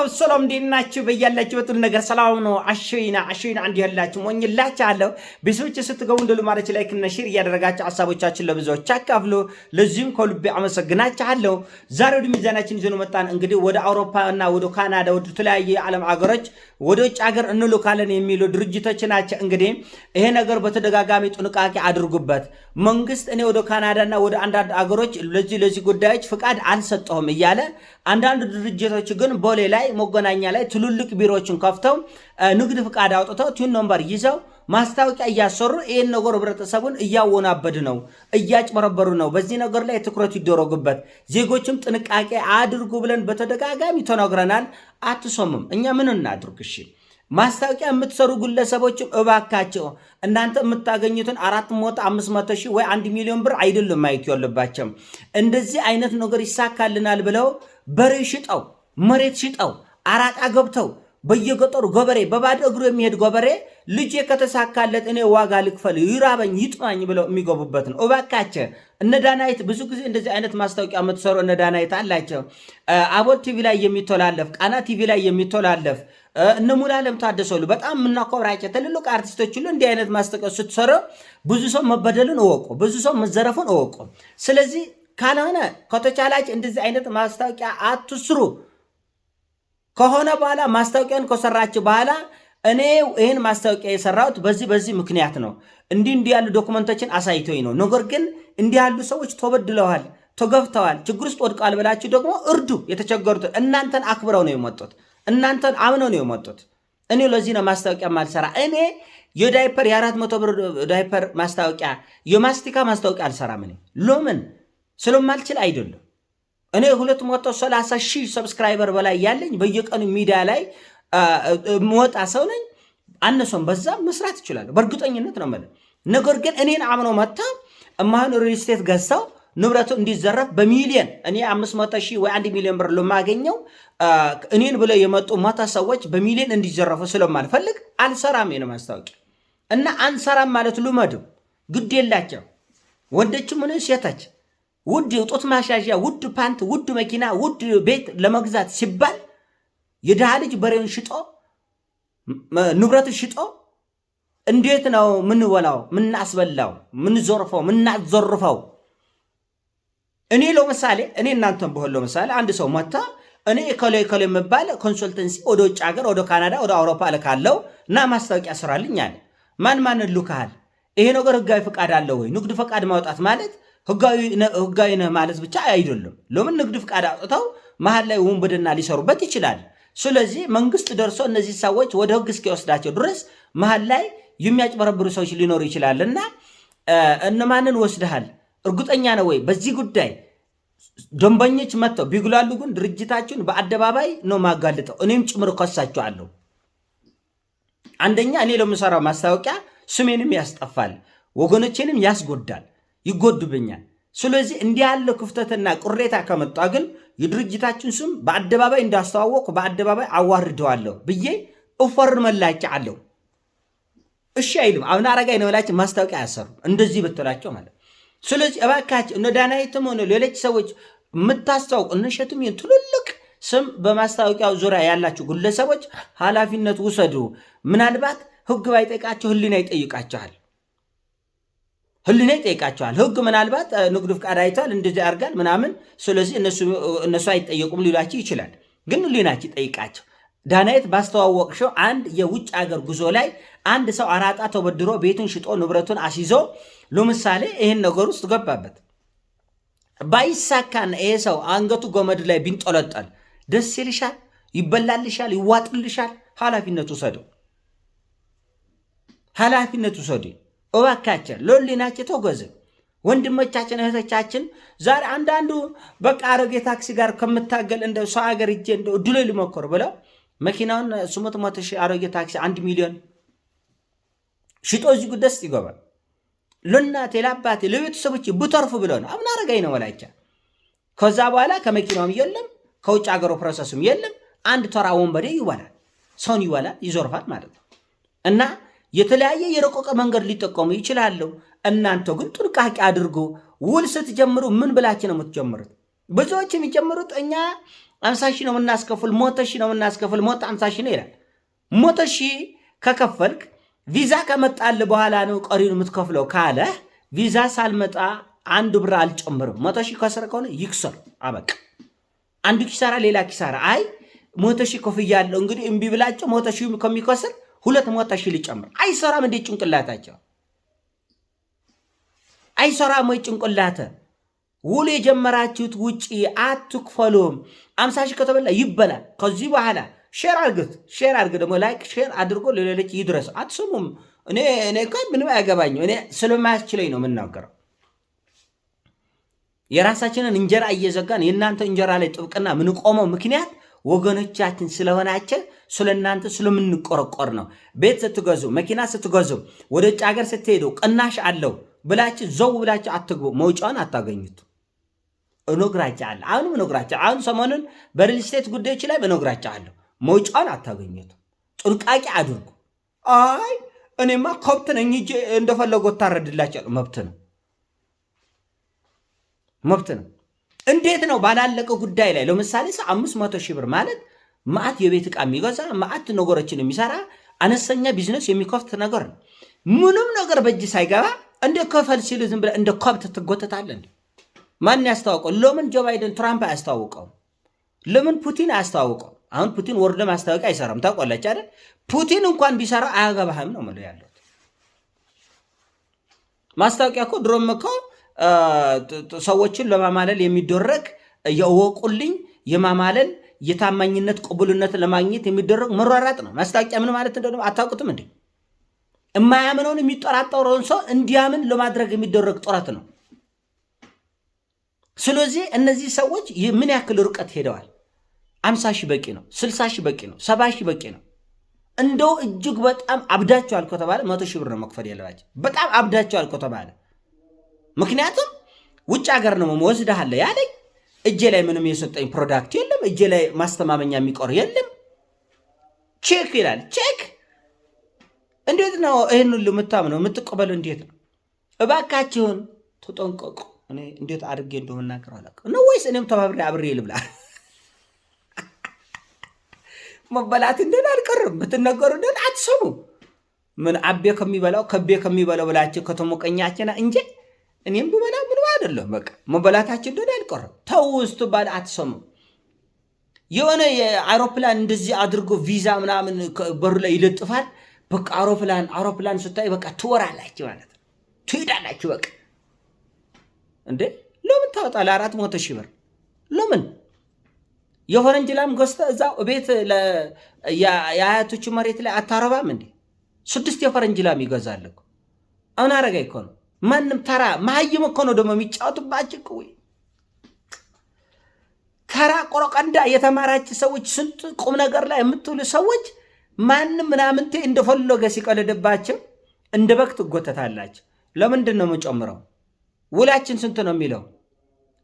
አብሰሎም እንዴት ናችሁ? በያላችሁ በጥሩ ነገር ሰላም ነው። አሸይና አሸይና አንድ ያላችሁ ሞኝላችሁ አለው ቤተሰቦች ስትገቡ እንደ ልማዳችሁ ላይክ እና ሼር እያደረጋችሁ ሀሳቦቻችን ለብዙዎች አካፍሉ። ለዚህም ከልቤ አመሰግናችኋለሁ። ዛሬ ወደ ሚዛናችን ይዘን መጣን። እንግዲህ ወደ አውሮፓ እና ወደ ካናዳ ወደ ተለያዩ የዓለም አገሮች ወደ ውጭ ሀገር እንልካለን የሚሉ ድርጅቶች ናቸው። እንግዲህ ይሄ ነገር በተደጋጋሚ ጥንቃቄ አድርጉበት። መንግስት እኔ ወደ ካናዳ እና ወደ አንዳንድ አገሮች ለዚህ ለዚህ ጉዳዮች ፍቃድ አልሰጠሁም እያለ አንዳንድ ድርጅቶች ግን ቦሌ ላይ ላይ መገናኛ ላይ ትልልቅ ቢሮዎችን ከፍተው ንግድ ፍቃድ አውጥተው ቲን ነምበር ይዘው ማስታወቂያ እያሰሩ ይህን ነገር ህብረተሰቡን እያወናበድ ነው፣ እያጭበረበሩ ነው። በዚህ ነገር ላይ ትኩረት ይደረጉበት፣ ዜጎችም ጥንቃቄ አድርጉ ብለን በተደጋጋሚ ተነግረናል። አትሶምም። እኛ ምን እናድርግ? እሺ ማስታወቂያ የምትሰሩ ግለሰቦችም እባካቸው እናንተ የምታገኙትን አራት መቶ አምስት መቶ ሺህ ወይ አንድ ሚሊዮን ብር አይደሉም ማየት ያለባቸው እንደዚህ አይነት ነገር ይሳካልናል ብለው በሬ ሽጠው መሬት ሽጠው አራጣ ገብተው በየገጠሩ ገበሬ በባዶ እግሩ የሚሄድ ገበሬ ልጄ ከተሳካለት እኔ ዋጋ ልክፈል ይራበኝ ይጥማኝ ብለው የሚገቡበት ነው። እባካቸው እነ ዳናይት ብዙ ጊዜ እንደዚህ አይነት ማስታወቂያ የምትሰሩ እነ ዳናይት አላቸው። አቦል ቲቪ ላይ የሚተላለፍ ቃና ቲቪ ላይ የሚተላለፍ እነ ሙሉዓለም ታደሰሉ በጣም የምናኮብራቸው ትልልቅ አርቲስቶች ሁሉ እንዲህ አይነት ማስታወቂያ ስትሰሩ ብዙ ሰው መበደሉን እወቁ፣ ብዙ ሰው መዘረፉን እወቁ። ስለዚህ ካልሆነ ከተቻላች እንደዚህ አይነት ማስታወቂያ አትስሩ። ከሆነ በኋላ ማስታወቂያን ከሰራች በኋላ እኔ ይህን ማስታወቂያ የሰራሁት በዚህ በዚህ ምክንያት ነው፣ እንዲህ እንዲህ ያሉ ዶክመንቶችን አሳይቶኝ ነው። ነገር ግን እንዲህ ያሉ ሰዎች ተበድለዋል፣ ተገፍተዋል፣ ችግር ውስጥ ወድቀዋል ብላችሁ ደግሞ እርዱ የተቸገሩትን። እናንተን አክብረው ነው የመጡት፣ እናንተን አምነው ነው የመጡት። እኔ ለዚህ ነው ማስታወቂያ ማልሰራ። እኔ የዳይፐር የአራት መቶ ብር ዳይፐር ማስታወቂያ የማስቲካ ማስታወቂያ አልሰራም። እኔ ሎምን ስለማልችል አይደለም። እኔ 230 ሺህ ሰብስክራይበር በላይ ያለኝ በየቀኑ ሚዲያ ላይ መወጣ ሰው ነኝ። አነሶም በዛ መስራት ይችላል በእርግጠኝነት ነው ማለት። ነገር ግን እኔን አምኖ መታ እማህን ሪል ስቴት ገዝተው ንብረቱ እንዲዘረፍ በሚሊየን እኔ 500 ሺህ ወይ 1 ሚሊዮን ብር ለማገኘው እኔን ብለው የመጡ መታ ሰዎች በሚሊየን እንዲዘረፉ ስለማልፈልግ አልሰራም ነው ማስታወቂያ እና አንሰራም ማለት ሉመድም ግድ የላቸው ወንዶችም ሆነ ሴቶች ውድ ጡት ማሻሻያ፣ ውድ ፓንት፣ ውድ መኪና፣ ውድ ቤት ለመግዛት ሲባል የድሃ ልጅ በሬውን ሽጦ ንብረት ሽጦ እንዴት ነው ምንበላው? ምናስበላው? ምንዞርፈው? ምናዘርፈው? እኔ ለምሳሌ እኔ እናንተን በሆን ለምሳሌ አንድ ሰው መታ እኔ የከሎ የከሎ የምባል ኮንሱልተንሲ ወደ ውጭ ሀገር ወደ ካናዳ ወደ አውሮፓ እልካለሁ እና ማስታወቂያ ስራልኝ አለ። ማን ማን ልካሃል? ይሄ ነገር ህጋዊ ፈቃድ አለው ወይ? ንግድ ፈቃድ ማውጣት ማለት ህጋዊ ነህ ማለት ብቻ አይደለም። ለምን ንግድ ፍቃድ አውጥተው መሀል ላይ ወንበድና ሊሰሩበት ይችላል። ስለዚህ መንግስት ደርሶ እነዚህ ሰዎች ወደ ህግ እስኪወስዳቸው ድረስ መሀል ላይ የሚያጭበረብሩ ሰዎች ሊኖሩ ይችላል እና እነማንን ወስደሃል? እርግጠኛ ነው ወይ በዚህ ጉዳይ ደንበኞች መጥተው ቢጉላሉ ግን ድርጅታችን በአደባባይ ነው ማጋልጠው። እኔም ጭምር ከሳችኋለሁ። አንደኛ እኔ ለምሰራው ማስታወቂያ ስሜንም ያስጠፋል፣ ወገኖቼንም ያስጎዳል። ይጎዱብኛል። ስለዚህ እንዲህ ያለ ክፍተትና ቅሬታ ከመጣ ግን የድርጅታችን ስም በአደባባይ እንዳስተዋወቅ በአደባባይ አዋርደዋለሁ ብዬ እፈርመላጭ አለው። እሺ አይልም። አብነ አረጋዊ ነበላቸው ማስታወቂያ ያሰሩ እንደዚህ ብትላቸው ማለት ስለዚህ እባካቸው እነ ዳናይትም ሆነ ሌሎች ሰዎች የምታስተዋውቅ እነሸትም ትልልቅ ስም በማስታወቂያው ዙሪያ ያላቸው ግለሰቦች ኃላፊነት ውሰዱ። ምናልባት ህግ ባይጠይቃቸው ህሊና ይጠይቃቸዋል። ህሊና ይጠይቃቸዋል። ህግ ምናልባት ንግዱ ፍቃድ አይቷል እንደዚህ አድርጋል ምናምን፣ ስለዚህ እነሱ አይጠየቁም ሊሏቸው ይችላል። ግን ህሊናቸው ይጠይቃቸው። ዳናይት ባስተዋወቅሽው አንድ የውጭ አገር ጉዞ ላይ አንድ ሰው አራጣ ተበድሮ ቤቱን ሽጦ ንብረቱን አስይዞ ለምሳሌ ይህን ነገር ውስጥ ገባበት ባይሳካና ይሄ ሰው አንገቱ ገመድ ላይ ቢንጠለጠል ደስ ይልሻል? ይበላልሻል? ይዋጥልሻል? ኃላፊነት ውሰዱ፣ ኃላፊነት ውሰዱ። እባካችን ሎሊናቸ ተጎዝም ወንድሞቻችን እህቶቻችን ዛሬ አንዳንዱ በቃ አሮጌ ታክሲ ጋር ከምታገል እንደ ሰው ሀገር እጄ እንደ እድሎ ሊሞክር ብለው መኪናውን ስምንት መቶ ሺህ አሮጌ ታክሲ አንድ ሚሊዮን ሽጦ እዚህ ደስ ይገባል። ለእናቴ ለአባቴ ለቤተሰቦች ብተርፉ ብለው ነው አምና አረጋኝ ነው ወላቻ። ከዛ በኋላ ከመኪናውም የለም ከውጭ ሀገሩ ፕሮሰሱም የለም። አንድ ተራ ወንበዴ ይበላል፣ ሰውን ይበላል፣ ይዞርፋል ማለት ነው እና የተለያየ የረቆቀ መንገድ ሊጠቀሙ ይችላሉ። እናንተ ግን ጥንቃቄ አድርጎ ውል ስትጀምሩ ምን ብላችሁ ነው የምትጀምሩት? ብዙዎች የሚጀምሩት እኛ አምሳ ሺህ ነው የምናስከፍል፣ ሞተ ሺህ ነው የምናስከፍል፣ ሞተ አምሳ ሺህ ነው ይላል። ሞተ ሺህ ከከፈልክ ቪዛ ከመጣል በኋላ ነው ቀሪውን የምትከፍለው ካለ ቪዛ ሳልመጣ አንድ ብር አልጨምርም። ሞተ ሺህ ከስረ ከሆነ ይክሰር፣ አበቅ አንዱ ኪሳራ ሌላ ኪሳራ። አይ ሞተ ሺህ ከፍያለሁ እንግዲህ እምቢ ብላቸው ሞተ ሺህ ከሚከስር ሁለት ሞታ ሺህ ልጨምር አይሰራም። እንዴ ጭንቅላታቸው አይሰራም ወይ ጭንቅላተ ውሎ የጀመራችሁት ውጪ አትክፈሉም። አምሳ ሺህ ከተበላ ይበላል። ከዚህ በኋላ ሼር አድርግት ሼር አድርግ ደግሞ ላይክ ሼር አድርጎ ለሌሎች ይድረስ። አትሰሙም። እኔ እኔ ምንም አያገባኝ። እኔ ስለማያስችለኝ ነው የምናገረው። የራሳችንን እንጀራ እየዘጋን የእናንተ እንጀራ ላይ ጥብቅና ምንቆመው ምክንያት ወገኖቻችን ስለሆናቸው ስለ እናንተ ስለምንቆረቆር ነው። ቤት ስትገዙ፣ መኪና ስትገዙ፣ ወደ ውጭ ሀገር ስትሄዱ ቅናሽ አለው ብላችሁ ዘው ብላችሁ አትግቡ። መውጫውን አታገኙት። እኖግራቸ አለ አሁንም እኖግራቸ አሁን ሰሞኑን በሪል ስቴት ጉዳዮች ላይ እኖግራቸ አለሁ። መውጫውን አታገኙት። ጥንቃቄ አድርጉ። አይ እኔማ ከብት ነኝ እንጂ እንደፈለጉ ታረድላቸው። መብት ነው፣ መብት ነው። እንዴት ነው ባላለቀ ጉዳይ ላይ ለምሳሌ ሰ አምስት መቶ ሺህ ብር ማለት ማአት የቤት ዕቃ የሚገዛ ማአት ነገሮችን የሚሰራ አነስተኛ ቢዝነስ የሚከፍት ነገር ነው። ምንም ነገር በእጅ ሳይገባ እንደ ከፈል ሲሉ ዝም ብለህ እንደ ከብት ትጎተታለህ። ማን ያስተዋውቀው? ለምን ጆ ባይደን ትራምፕ አያስተዋውቀው? ለምን ፑቲን አያስተዋውቀው? አሁን ፑቲን ወርዶ ማስታወቂያ አይሰራም። ታውቋላችሁ አይደል? ፑቲን እንኳን ቢሰራ አያገባህም ነው የምለው ያለው ማስታወቂያ እኮ ድሮም እኮ ሰዎችን ለማማለል የሚደረግ የወቁልኝ የማማለል የታማኝነት ቅቡልነት ለማግኘት የሚደረግ መሯራጥ ነው። ማስታወቂያ ምን ማለት እንደሆነ አታውቁትም እንዴ? እማያምነውን የሚጠራጠረውን ሰው እንዲያምን ለማድረግ የሚደረግ ጥረት ነው። ስለዚህ እነዚህ ሰዎች ምን ያክል ርቀት ሄደዋል? አምሳ ሺህ በቂ ነው፣ ስልሳ ሺህ በቂ ነው፣ ሰባ ሺህ በቂ ነው። እንደው እጅግ በጣም አብዳቸዋል ከተባለ መቶ ሺህ ብር ነው መክፈል ያለባቸው። በጣም አብዳቸዋል ከተባለ ምክንያቱም ውጭ ሀገር ነው መወስድሃለ ያለኝ እጄ ላይ ምንም የሰጠኝ ፕሮዳክት የለም። እጄ ላይ ማስተማመኛ የሚቆር የለም። ቼክ ይላል ቼክ። እንዴት ነው ይህን ሁሉ የምታምነው የምትቀበሉ? እንዴት ነው እባካችሁን ተጠንቀቁ። እኔ እንዴት አድርጌ እንደምናገር አላውቅም ነው ወይስ እኔም ተባብሬ አብሬ ልብላ መበላት እንደን አልቀርም ብትነገሩ እንደን አትሰሙ። ምን አቤ ከሚበላው ከቤ ከሚበላው ብላችሁ ከተሞቀኛችና እንጄ እኔም ብበላ ምን አይደለም። በቃ መበላታችን እንደሆነ አልቀረም። ተው ውስጡ ባል አትሰሙም። የሆነ የአውሮፕላን እንደዚህ አድርጎ ቪዛ ምናምን በሩ ላይ ይለጥፋል። በቃ አውሮፕላን አውሮፕላን ስታይ በቃ ትወራላችሁ ማለት ነው፣ ትሄዳላችሁ። በቃ እንዴ ለምን ታወጣ ለአራት መቶ ሺህ ብር ለምን የፈረንጅ ላም ገዝተህ እዛው ቤት የአያቶቹ መሬት ላይ አታረባም እንዴ? ስድስት የፈረንጅ ላም ይገዛል እኮ አሁን አረጋ ይኮ ነው ማንም ተራ መሀይም እኮ ነው ደግሞ የሚጫወቱባችሁ እኮ ወይ ተራ ቆረቀንዳ የተማራች ሰዎች ስንት ቁም ነገር ላይ የምትውሉ ሰዎች ማንም ምናምንቴ እንደፈለገ ሲቀልድባቸው እንደ በግ ትጎተታላችሁ። ለምንድን ነው የምጨምረው? ውላችን ስንት ነው የሚለው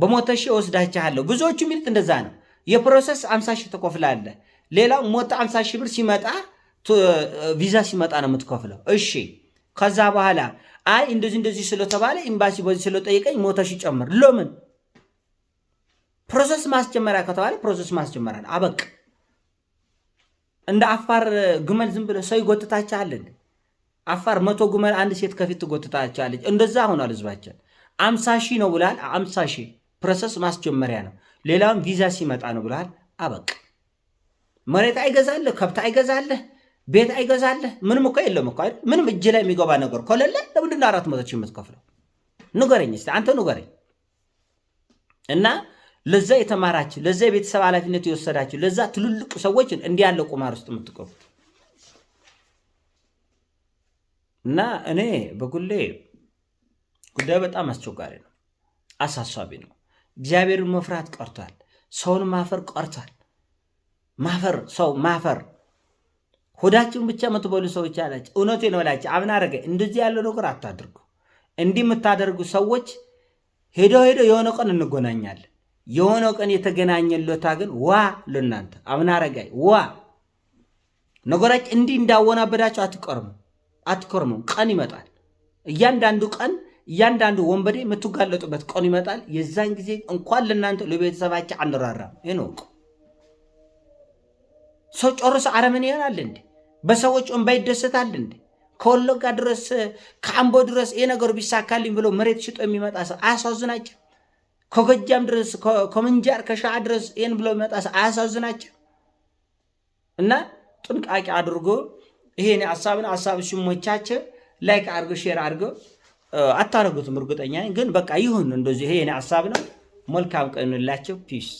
በሞተ ሺህ እወስዳችኋለሁ። ብዙዎቹ የሚሉት እንደዛ ነው። የፕሮሰስ አምሳ ሺህ ትከፍላለህ። ሌላው ሞተ አምሳ ሺህ ብር ሲመጣ ቪዛ ሲመጣ ነው የምትከፍለው። እሺ ከዛ በኋላ አይ እንደዚህ እንደዚህ ስለተባለ ኤምባሲ በዚህ ስለጠየቀኝ ሞተሽ ይጨምር። ሎምን ፕሮሰስ ማስጀመሪያ ከተባለ ፕሮሰስ ማስጀመሪያ ነው። አበቅ እንደ አፋር ግመል ዝም ብለ ሰው ይጎትታችኋል። አፋር መቶ ግመል አንድ ሴት ከፊት ትጎትታችኋለች። እንደዛ ሆኗል ህዝባችን። አምሳ ሺህ ነው ብላል። አምሳ ሺህ ፕሮሰስ ማስጀመሪያ ነው። ሌላውም ቪዛ ሲመጣ ነው ብላል። አበቅ መሬት አይገዛለህ፣ ከብት አይገዛለህ ቤት አይገዛልህ? ምንም እኮ የለም እኮ አይደል? ምንም እጅ ላይ የሚገባ ነገር ከሌለ ለምንድን ነው አራት መቶ ሺህ የምትከፍለው? ንገረኝ እስኪ አንተ ንገረኝ። እና ለዛ የተማራችሁ ለዛ የቤተሰብ ኃላፊነት የወሰዳችሁ ለዛ ትልልቅ ሰዎች እንዲህ ያለ ቁማር ውስጥ የምትገቡት እና እኔ በጉሌ ጉዳዩ በጣም አስቸጋሪ ነው፣ አሳሳቢ ነው። እግዚአብሔርን መፍራት ቀርቷል። ሰውን ማፈር ቀርቷል። ማፈር ሰው ማፈር ሆዳችሁን ብቻ የምትበሉ ሰዎች አላቸው። እውነት ነው አብን አረገ እንደዚህ ያለው ነገር አታድርጉ። እንዲህ የምታደርጉ ሰዎች ሄዶ ሄዶ የሆነ ቀን እንጎናኛለን። የሆነ ቀን የተገናኘን ሎታ ግን ዋ ለእናንተ አብን አረጋይ ዋ ነገራች እንዲህ እንዳወናበዳቸው አትቀርሙ አትቀርሙ። ቀን ይመጣል። እያንዳንዱ ቀን እያንዳንዱ ወንበዴ የምትጋለጡበት ቀን ይመጣል። የዛን ጊዜ እንኳን ለእናንተ ለቤተሰባቸው አንራራም። ይህን ወቁ። ሰው ጨርሶ አረመኔ ይሆናል እንዴ? በሰዎች እንባ ይደሰታል እንዴ? ከወለጋ ድረስ ከአምቦ ድረስ ይሄ ነገሩ ቢሳካልኝ ብሎ መሬት ሽጦ የሚመጣ ሰው አያሳዝናቸው? ከጎጃም ድረስ ከምንጃር ከሸዋ ድረስ ይህን ብሎ የሚመጣ ሰው አያሳዝናቸው? እና ጥንቃቄ አድርጎ ይሄን ሀሳብን ሀሳብ ሽሞቻቸው ላይክ አድርገው ሼር አድርገ አታረጉትም፣ እርግጠኛ ግን በቃ ይሁን እንደዚህ። ይሄ የኔ ሀሳብ ነው። መልካም ቀንላቸው። ፒስ